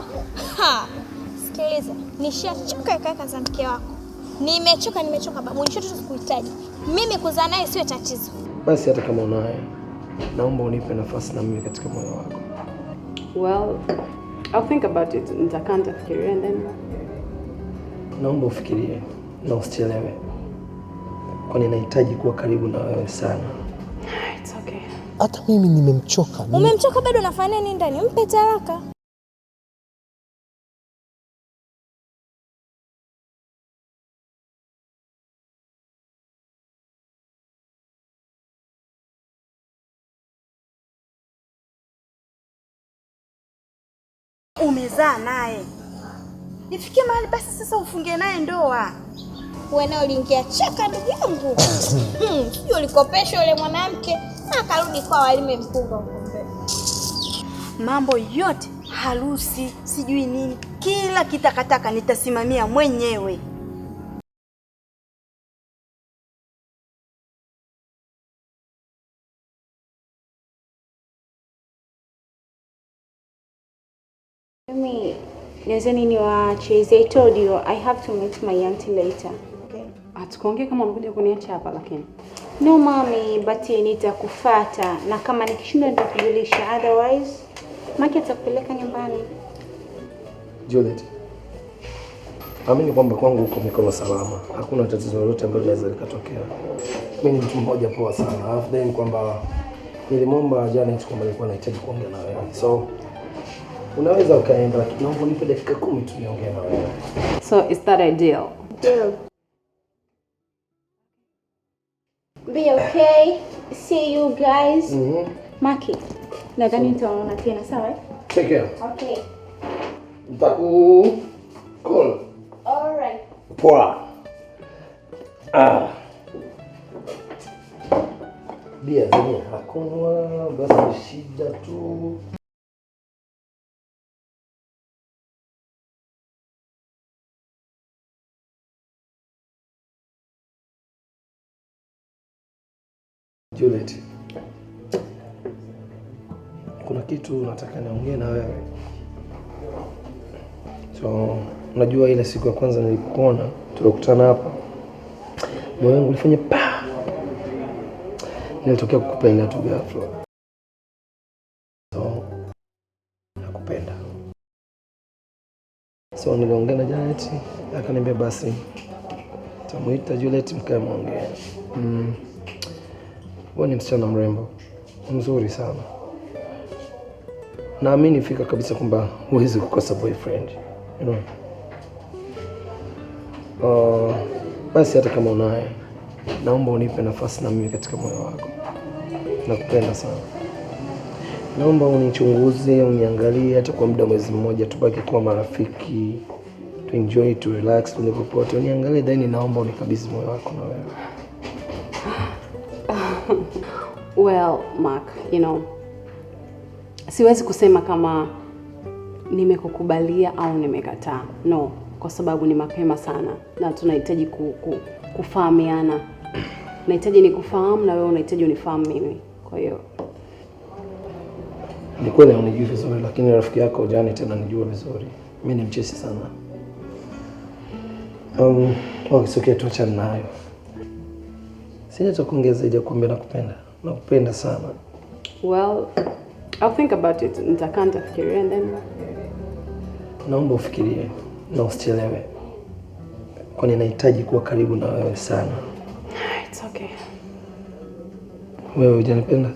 leo ha. Sikiliza, nishachoka kaka za mke wako. Nimechoka, nimechoka babu, nishoto sikuhitaji mimi. Kuzaa naye sio tatizo. Basi hata kama unaye, naomba unipe nafasi na mimi katika moyo wako. Well, I'll think about it. Nitakaa nitafikiria, and then naomba ufikirie na usichelewe, kwani nahitaji kuwa karibu na wewe sana. It's okay. Hata mimi nimemchoka. Umemchoka bado nafanya nini ndani? Mpe talaka. umezaa naye, nifikie mahali basi sasa ufunge naye ndoa. Wenao uliingia chaka, ndugu yangu. Hmm, sijui ulikopeshwa yule mwanamke akarudi kwa walime mpunga huko mbele, mambo yote harusi, sijui nini, kila kitakataka nitasimamia mwenyewe. Nadhani ni wa Chase. I told you I have to meet my auntie later. Okay. Atakuongea kama unakuja kuniacha hapa lakini. No mami, but nitakufuata na kama nikishindwa nitakujulisha otherwise maki atakupeleka nyumbani. Juliet. Amini kwamba kwangu uko mikono salama. Hakuna tatizo lolote ambalo linaweza likatokea. Mimi ni mtu mmoja poa sana. Alafu kwamba nilimwomba Janet kwamba nilikuwa nahitaji kuongea na wewe. So Unaweza ukaenda, naomba nipe dakika kumi tu niongee na wewe. So is that ideal? Deal. Be okay. See you guys. Mm -hmm. Maki, nadhani nitaona tena, sawa? Take care. Okay. Nitaku call. All right. Poa. Ah. Bia zenyewe hakuna, basi shida tu. Juliet, kuna kitu nataka niongee na wewe. So unajua ile siku ya kwanza nilikuona tulikutana hapa, moyo wangu ulifanya pa, nilitokea kukupenda tu ghafla. So nakupenda. So niliongea na Janet akaniambia basi tamuita Juliet mkae mwongee. mm. Wewe ni msichana mrembo mzuri sana, naamini fika kabisa kwamba huwezi kukosa boyfriend you know? Uh, basi hata kama unaye, naomba unipe nafasi na mimi katika moyo wako. Nakupenda sana, naomba unichunguze, uniangalie hata kwa muda mwezi mmoja, tubaki kuwa marafiki, to enjoy, to relax, popote uniangalie, then naomba unikabidhi moyo wako na wewe Well, Mark, you know, siwezi kusema kama nimekukubalia au nimekataa. No, kwa sababu ni mapema sana na tunahitaji ku, ku, kufahamiana. Nahitaji nikufahamu na wewe unahitaji unifahamu mimi. Kwa hiyo ni kweli unijui vizuri, lakini rafiki yako jani tena nijua vizuri. Mimi ni mchesi sana. Um, oh, okay, tuachane nayo. Sina cha kuongeza zaidi ya kuambia nakupenda, nakupenda sana. Well, I'll think about it. Nitakaa nitafikiria and then. Naomba ufikirie na usichelewe, kwani nahitaji kuwa karibu na wewe sana. It's okay. Wewe hujanipenda?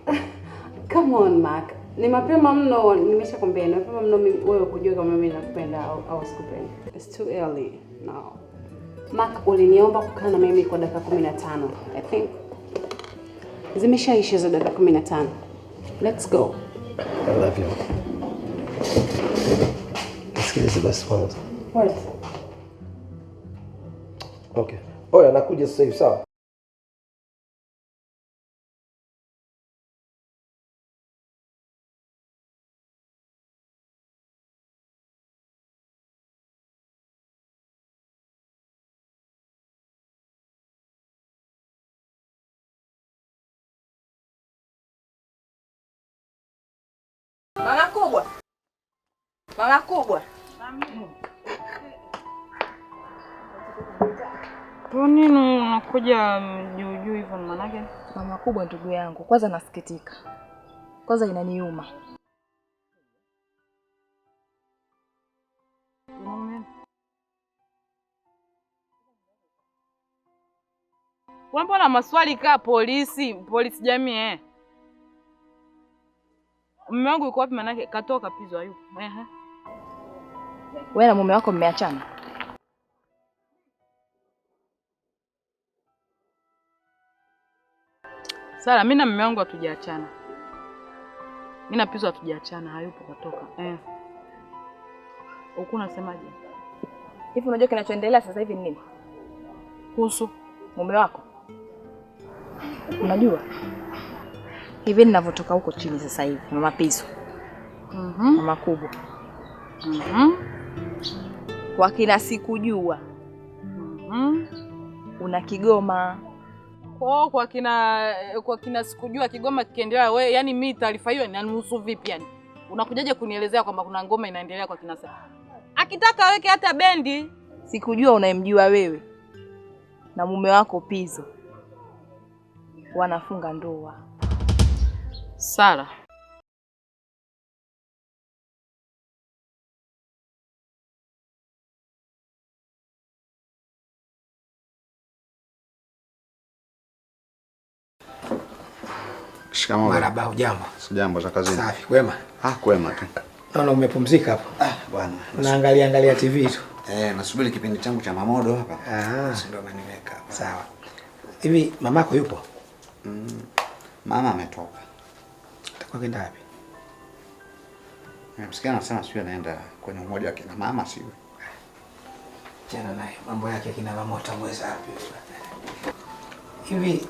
Come on, Mark. Ni mapema mno, nimeshakwambia ni mapema mno wewe kujua kama mimi nakupenda au, au sikupenda. It's too early now. Mark, uliniomba kukaa na mimi kwa dakika tano. I think zimeshaisha za dakika tano. Let's go. I love you. Sikiliza basi kwanza. What? Okay. Oya, nakuja sasa hivi sawa? kubwa, mama kubwa. Kwa nini unakuja juu juu hivyo manake? Mama kubwa, ndugu yangu, kwanza nasikitika, kwanza inaniuma Wambona maswali kaa polisi polisi jamii eh? Mume wangu yuko wapi? Maanake katoka pizwa yupo. Ehe. Wewe na mume wako mmeachana? Sara, mimi na mume wangu hatujaachana. Mimi na pizwa hatujaachana, hayupo katoka. Eh. Uko unasemaje? Hivi unajua kinachoendelea sasa hivi ni nini? Kuhusu mume wako. Unajua? hivi ninavyotoka huko chini sasa hivi, mama Pizo, mm -hmm. mama kubwa mm -hmm. kina sikujua mm -hmm. una Kigoma kwao, kwa kina kwa kina sikujua Kigoma kikiendelea. We yani mimi taarifa hiyo inanihusu vipi? Yani unakujaje kunielezea kwamba kuna ngoma inaendelea kwa kina sasa? Akitaka aweke hata bendi sikujua, unayemjua wewe na mume wako Pizo wanafunga ndoa Sara, shikamoo. Marhaba. Hujambo? Sijambo. Za kazini? Safi. Kwema? Ah, kwema tu. Naona umepumzika hapo. Ah, bwana. Naangalia angalia TV tu. Eh, nasubiri kipindi changu cha Mamodo hapa. Ah. Sio ndo ameniweka. Sawa. Hivi mamako yupo? Mm. Mama ametoka. Alikuwa kenda wapi? Msikia anasema sio anaenda kwenye umoja wa kina mama sio. Jana naye mambo yake kina mama utamweza wapi? Hivi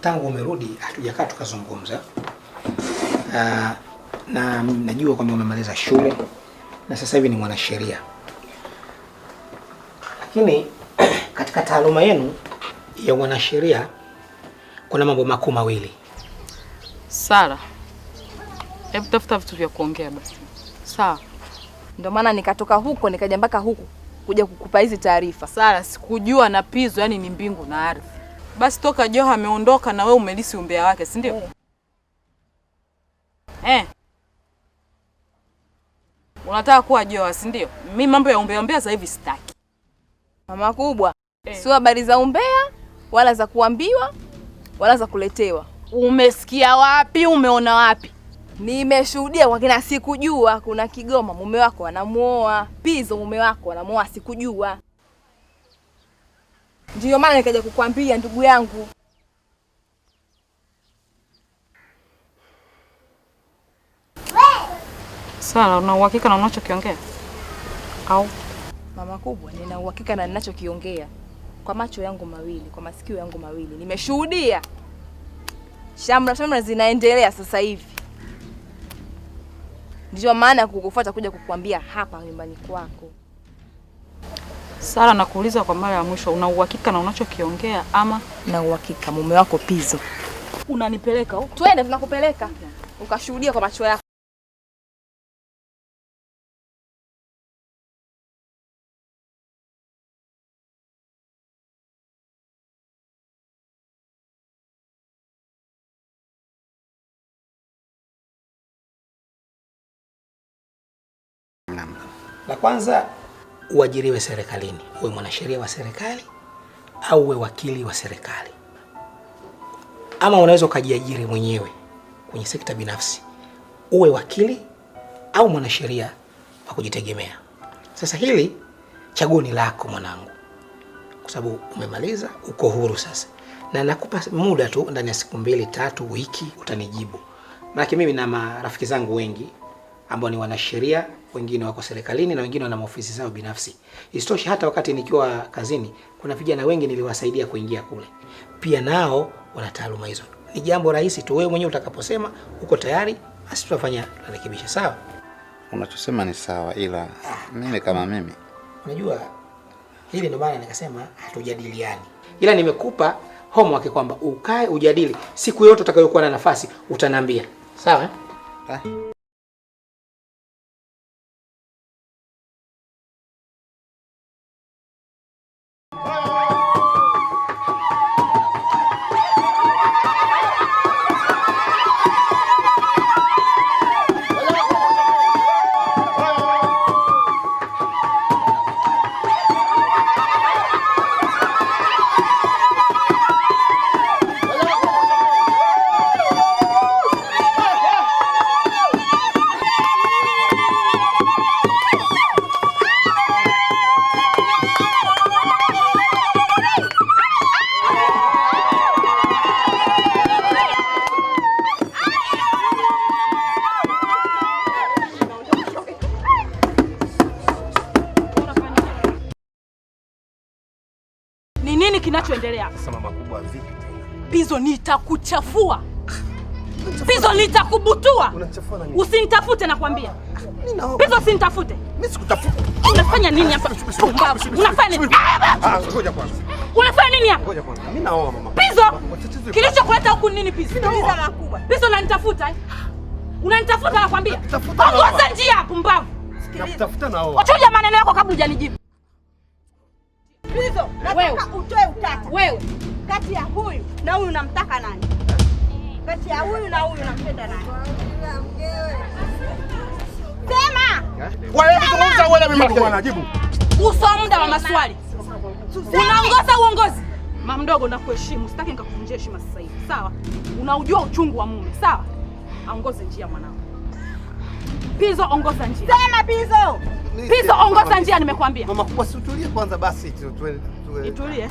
tangu umerudi hatujakaa tukazungumza. Uh, na najua kwamba umemaliza shule na sasa hivi ni mwanasheria, lakini katika taaluma yenu ya mwanasheria kuna mambo makuu mawili Sara, hebu tafuta vitu vya kuongea basi. Sawa, ndio maana nikatoka huko nikaja mpaka huku kuja kukupa hizi taarifa. Sara, sikujua na pizo, yani ni mbingu na ardhi. Basi toka Joha ameondoka na wewe umelisi umbea wake, si ndio? Eh. eh. Unataka kuwa Joha, si ndio? Mimi mambo ya umbea umbea sasa hivi sitaki. Mama kubwa, eh, sio habari za umbea wala za kuambiwa wala za kuletewa Umesikia wapi? Umeona wapi? Nimeshuhudia kwa kina, sikujua kuna Kigoma mume wako anamuoa Pizo, mume wako anamuoa, sikujua. Ndiyo maana nikaja kukwambia ndugu yangu. Sasa una uhakika na unachokiongea au? Mama kubwa, nina uhakika na ninachokiongea kwa macho yangu mawili, kwa masikio yangu mawili, nimeshuhudia shamra shamra zinaendelea sasa hivi, ndio maana kukufuata kuja kukuambia hapa nyumbani kwako. Sara, nakuuliza kwa mara ya mwisho, una uhakika na unachokiongea ama? Na uhakika mume wako Pizzo unanipeleka huko? Twende, tunakupeleka ukashuhudia kwa macho yako. La kwanza uajiriwe serikalini, uwe mwanasheria wa serikali au uwe wakili wa serikali, ama unaweza ukajiajiri mwenyewe kwenye sekta binafsi, uwe wakili au mwanasheria wa kujitegemea. Sasa hili chaguo ni lako mwanangu, kwa sababu umemaliza, uko huru sasa, na nakupa muda tu, ndani ya siku mbili tatu, wiki utanijibu, maanake mimi na marafiki zangu wengi ambao ni wanasheria, wengine wako serikalini na wengine wana maofisi zao binafsi. Isitoshe, hata wakati nikiwa kazini, kuna vijana wengi niliwasaidia kuingia kule, pia nao wana taaluma hizo. Ni jambo rahisi tu, wewe mwenyewe utakaposema uko tayari, basi tutafanya rekebisha. Sawa, unachosema ni sawa, ila ah. mimi kama mimi, unajua hili ndo maana nikasema hatujadiliani, ila nimekupa homework kwamba ukae ujadili. Siku yote utakayokuwa na nafasi utanambia. sawa eh? Ah. unanichafua Pizo, nitakubutua. Usinitafute nakwambia. Pizo, usinitafute. Mimi sikutafuta. Unafanya nini hapa? Unafanya nini? Ah, ngoja kwanza. Unafanya nini hapa? Ngoja kwanza. Mimi naoa mama. Pizo. Kilichokuleta huku nini Pizo? nanitafuta unanitafuta eh? Unanitafuta nakwambia. Ongoza njia pumbavu. Sikiliza. Naoa. maneno yako kabla hujanijibu. nataka utoe Wewe kati ya huyu na huyu unamtaka nani? Kati ya huyu na huyu unampenda nani? Sema. Wewe wewe mimi ndio najibu. Uso muda wa maswali. Unaongoza uongozi. Mama mdogo nakuheshimu, sitaki nikakuvunjia heshima sasa hivi. Sawa? Unaujua uchungu wa mume, sawa? Aongoze njia mwanangu. Pizo ongoza njia. Sema Pizo. Pizo ongoza njia nimekuambia. Mama kubwa, situlie kwanza basi tuwe. Nitulie.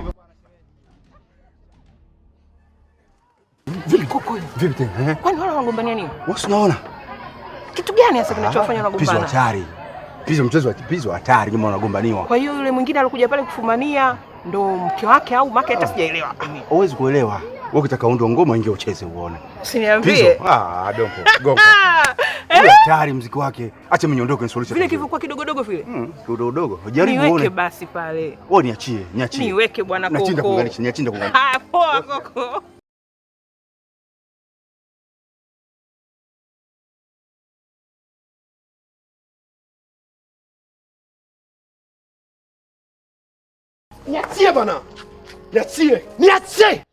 Vipi tena? Eh? Eh? Kwani wao wanagombania nini? Wewe unaona? Kitu gani hasa kinachofanya wanagombana? Pizo hatari. Pizo mchezo wa pizo hatari kama wanagombaniwa. Kwa hiyo yule mwingine alikuja pale kufumania ndo mke wake au mke hata ah. sijaelewa. Huwezi kuelewa. Wewe ukitaka undo ngoma ingia ucheze uone. Usiniambie. Ah, donko. Gongo. Eh? Hatari mziki wake. Acha mimi niondoke nisuluhishe. Vile kivyo kwa kidogo dogo vile. Mm, kidogo dogo. Jaribu uone. Niweke basi pale. Wewe niachie, niachie. Niweke bwana koko. Niachinda kuunganisha, niachinda kuunganisha. Ah, poa koko. Niachie bana, niachie, niachie!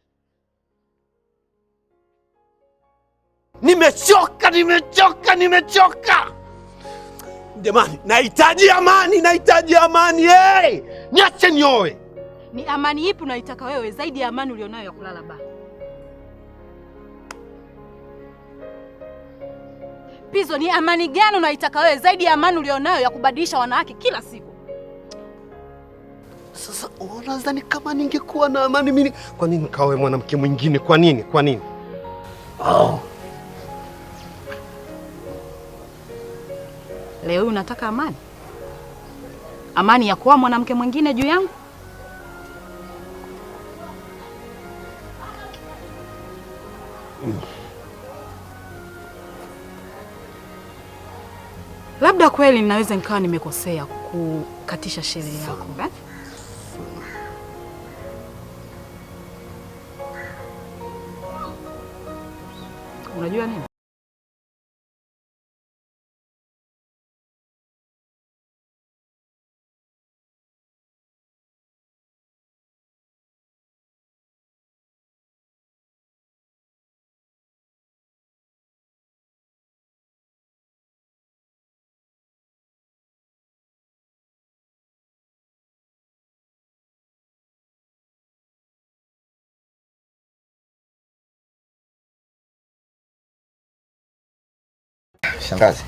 Nimechoka, nimechoka, nimechoka jamani! Nahitaji amani, nahitaji amani. Hey, niache nioe. Ni amani ipi unaitaka wewe zaidi ya amani ulionayo ya kulala ba? Pizo, ni amani gani unaitaka wewe zaidi ya amani ulionayo ya kubadilisha wanawake kila siku? Sasa unadhani kama ningekuwa na amani mimi, kwa nini nikawe mwanamke mwingine? Kwa nini? Kwa nini? Oh. Leo unataka amani, amani ya kuwa mwanamke mwingine juu yangu? Mm. Labda kweli ninaweza nikawa nimekosea kukatisha sherehe yako. Eh? 医院里。Shangazi,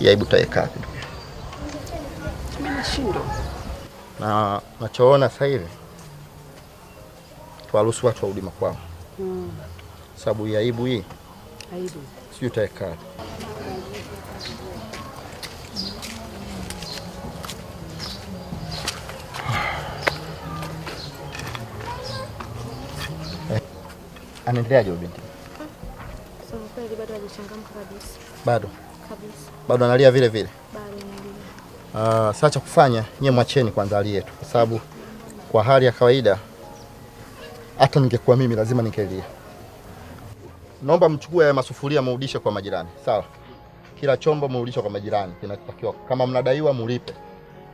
ibu taweka wapi? Mimi nashindwa na nachoona sasa hivi, tuwaruhusu watu warudi makwao, Mm. sababu ya aibu hii Aibu. Sio wapi. Eh, Anaendelea je binti? kweli bado hajachangamka kabisa. Bado kabisa, bado analia vile vile. Uh, sasa cha kufanya nyie mwacheni kwanza alie tu, kwa sababu kwa hali ya kawaida hata ningekuwa mimi lazima ningelia. Naomba mchukue haya masufuria murudishe kwa majirani, sawa? Kila chombo murudishe kwa majirani, kinatakiwa. Kama mnadaiwa mulipe,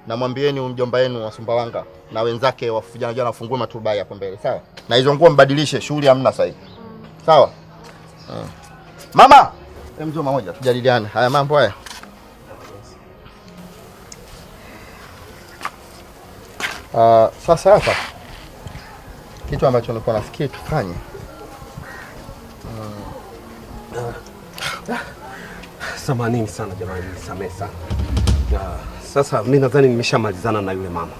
na mwambieni mjomba wenu wa Sumbawanga na wenzake wa vijana jana wafungue maturubai hapo mbele, sawa? Na hizo nguo mbadilishe, shughuli hamna sasa hivi, sawa? hmm. Mama, mtu eh, mmoja tujadiliane haya mambo haya. Uh, sasa hapa kitu ambacho nilikuwa nafikiri tufanye uh, ah, samanini sana jamani, samee sana ah, sasa mi nadhani nimeshamalizana na yule mama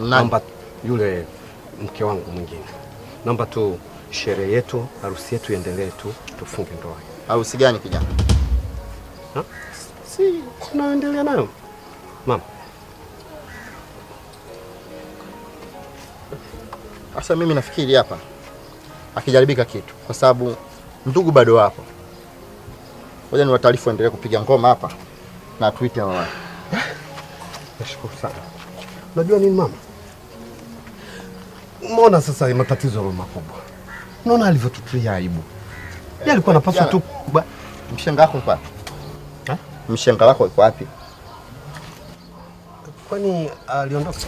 naomba yule mke wangu mwingine, naomba tu sherehe yetu harusi yetu iendelee tu tufunge ndoa au sigani kijana? Si tunaendelea nayo mama. Sasa mimi nafikiri hapa akijaribika kitu, kwa sababu ndugu bado wapo. Ngoja ni wataarifu endelee kupiga ngoma hapa na tuite mama. Nashukuru sana. Unajua nini mama, umeona sasa matatizo makubwa, unaona alivyotutia aibu yeye alikuwa anapaswa tu kubwa. Mshenga wako kwa? Eh? Mshenga wako yuko wapi? Kwani ah, aliondoka?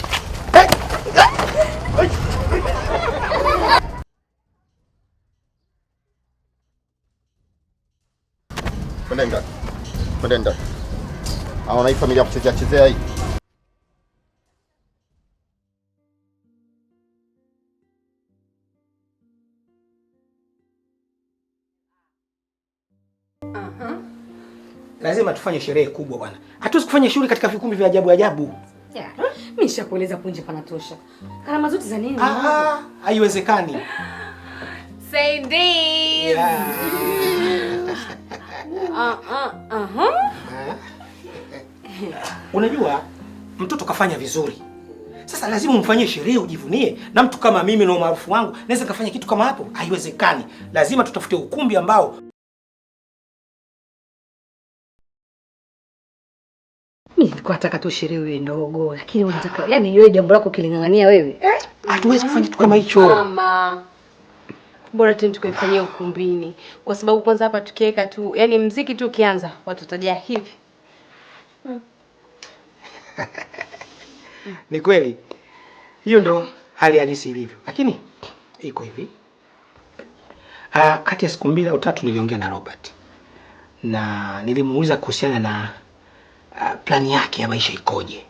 Kwenda ndani. Kwenda ndani. Aona hii familia kuchezea chezea hii. tufanye sherehe kubwa bwana. Hatuwezi kufanya shughuli katika vikumbi vya ajabu ajabu. Yeah. Mimi nishakueleza punje panatosha. Karama zote za nini? Ah, haiwezekani. Saidizi. Yeah. Ah ah aha. Eh? Unajua mtoto kafanya vizuri. Sasa lazima umfanyie sherehe ujivunie, na mtu kama mimi na umaarufu wangu naweza kafanya kitu kama hapo? Haiwezekani, lazima tutafute ukumbi ambao Mimi nilikuwa nataka tu sherehe iwe ndogo, lakini unataka yani yeye jambo lako kilingangania wewe. Eh? Hatuwezi kufanya kitu kama hicho. Mama. Bora tena tukaifanyia ukumbini. Kwa sababu kwanza hapa tukiweka tu, yani mziki tu ukianza watu watajaa hivi. Ni kweli. Hiyo ndo hali halisi ilivyo. Lakini iko hivi. Ah, kati ya siku mbili au tatu niliongea na Robert. Na nilimuuliza kuhusiana na Ah, plani yake ya maisha ikoje.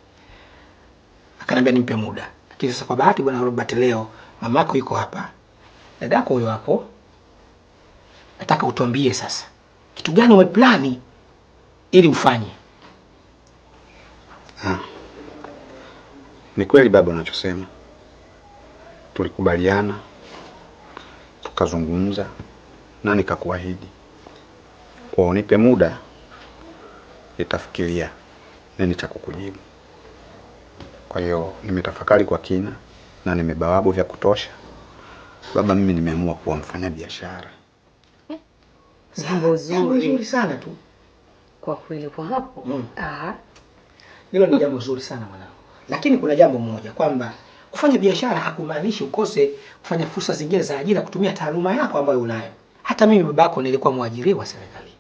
Akaniambia nimpe muda, lakini sasa kwa bahati bwana Robert, leo mamako yuko hapa, dadako huyo hapo. Nataka utuambie sasa kitu gani umeplani ili ufanye. Ha. Ni kweli baba unachosema, tulikubaliana tukazungumza na nikakuahidi kwa unipe muda nitafikiria nini cha kukujibu. Kwa hiyo nimetafakari kwa kina na nimebawabu vya kutosha. Baba, mimi nimeamua kuwa mfanya biashara. Jambo ah, zuri sana tu kwa kweli, kwa hapo mm. Aha, hilo ni jambo zuri sana mwanangu, lakini kuna jambo moja kwamba kufanya biashara hakumaanishi ukose kufanya fursa zingine za ajira, kutumia taaluma yako ambayo unayo. Hata mimi babako nilikuwa mwajiriwa serikali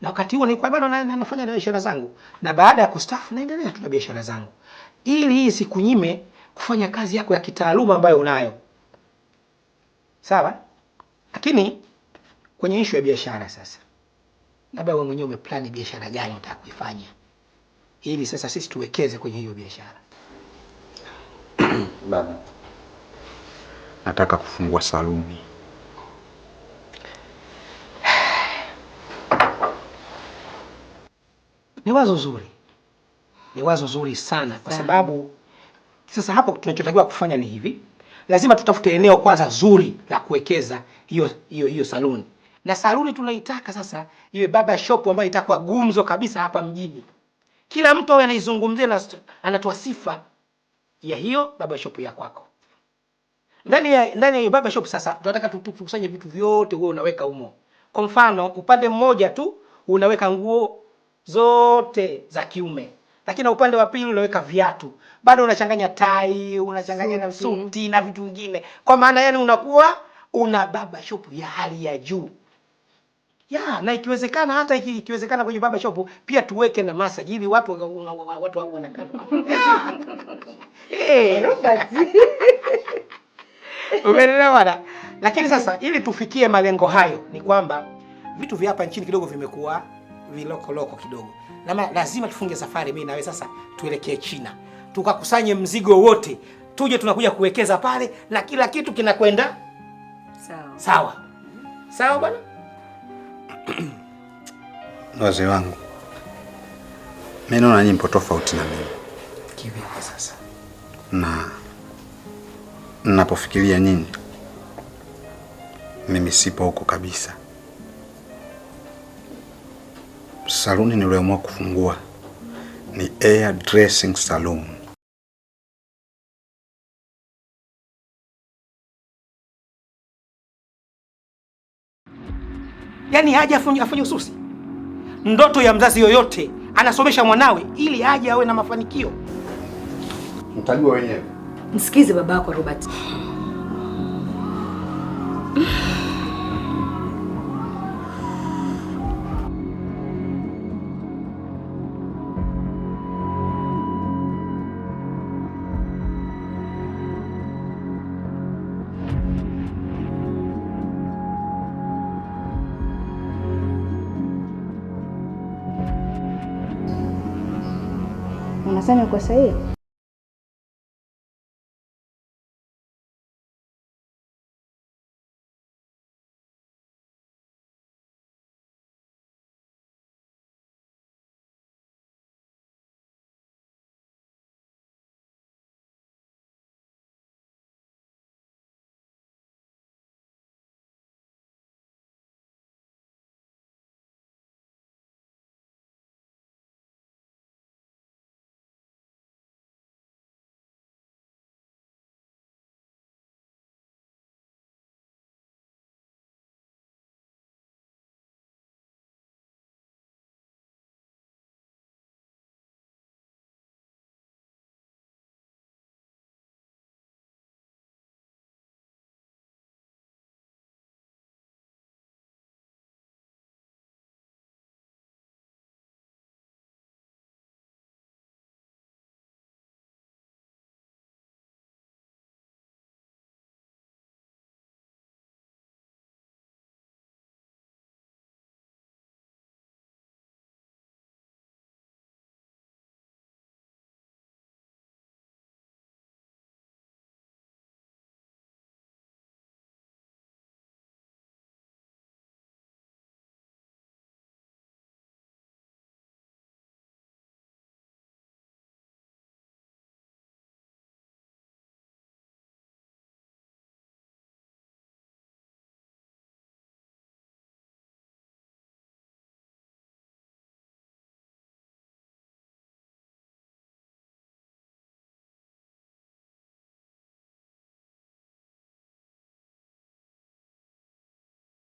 na wakati huo nilikuwa bado nafanya biashara zangu, na baada ya kustaafu naendelea tu na biashara zangu, ili hii sikunyime kufanya kazi yako ya kitaaluma ambayo unayo. Sawa, lakini kwenye ishu ya biashara sasa, labda wewe mwenyewe umeplani biashara gani unataka kuifanya, ili sasa sisi tuwekeze kwenye hiyo biashara. Baba, nataka kufungua saluni. Ni wazo zuri, ni wazo zuri sana, kwa sababu sasa hapo tunachotakiwa kufanya ni hivi, lazima tutafute eneo kwanza zuri la kuwekeza hiyo hiyo hiyo saluni, na saluni tunaitaka sasa iwe baba shop ambayo itakuwa gumzo kabisa hapa mjini, kila mtu awe anaizungumzia na anatoa sifa ya hiyo baba shop ya kwako. Ndani ya ndani ya hiyo baba shop sasa tunataka tukusanye vitu vyote wewe unaweka humo. Kwa mfano upande mmoja tu unaweka nguo zote za kiume, lakini na upande wa pili unaweka viatu, bado unachanganya tai, unachanganya na suti na vitu vingine, kwa maana yani unakuwa una baba shop ya hali ya juu ya na ikiwezekana hata iki, ikiwezekana kwenye baba shop pia tuweke na massage ili watu watu wao wanakaa. Eh, umeelewa? Lakini sasa ili tufikie malengo hayo ni kwamba vitu vya hapa nchini kidogo vimekuwa vilokoloko kidogo, na lazima tufunge safari, mimi nawe sasa tuelekee China tukakusanye mzigo wote, tuje tunakuja kuwekeza pale na kila kitu kinakwenda sawa sawa sawa bwana. Wazee wangu, mimi naona nyinyi mpo tofauti na mimi kivipi sasa, na napofikiria nyinyi, mimi sipo huko kabisa saluni niliyoamua kufungua ni Air Dressing Salon. Yaani aje afunye ususi? Ndoto ya mzazi yoyote anasomesha mwanawe ili aje awe na mafanikio. Mtajua wenyewe. Msikize babako Robert. sana kwa sahii.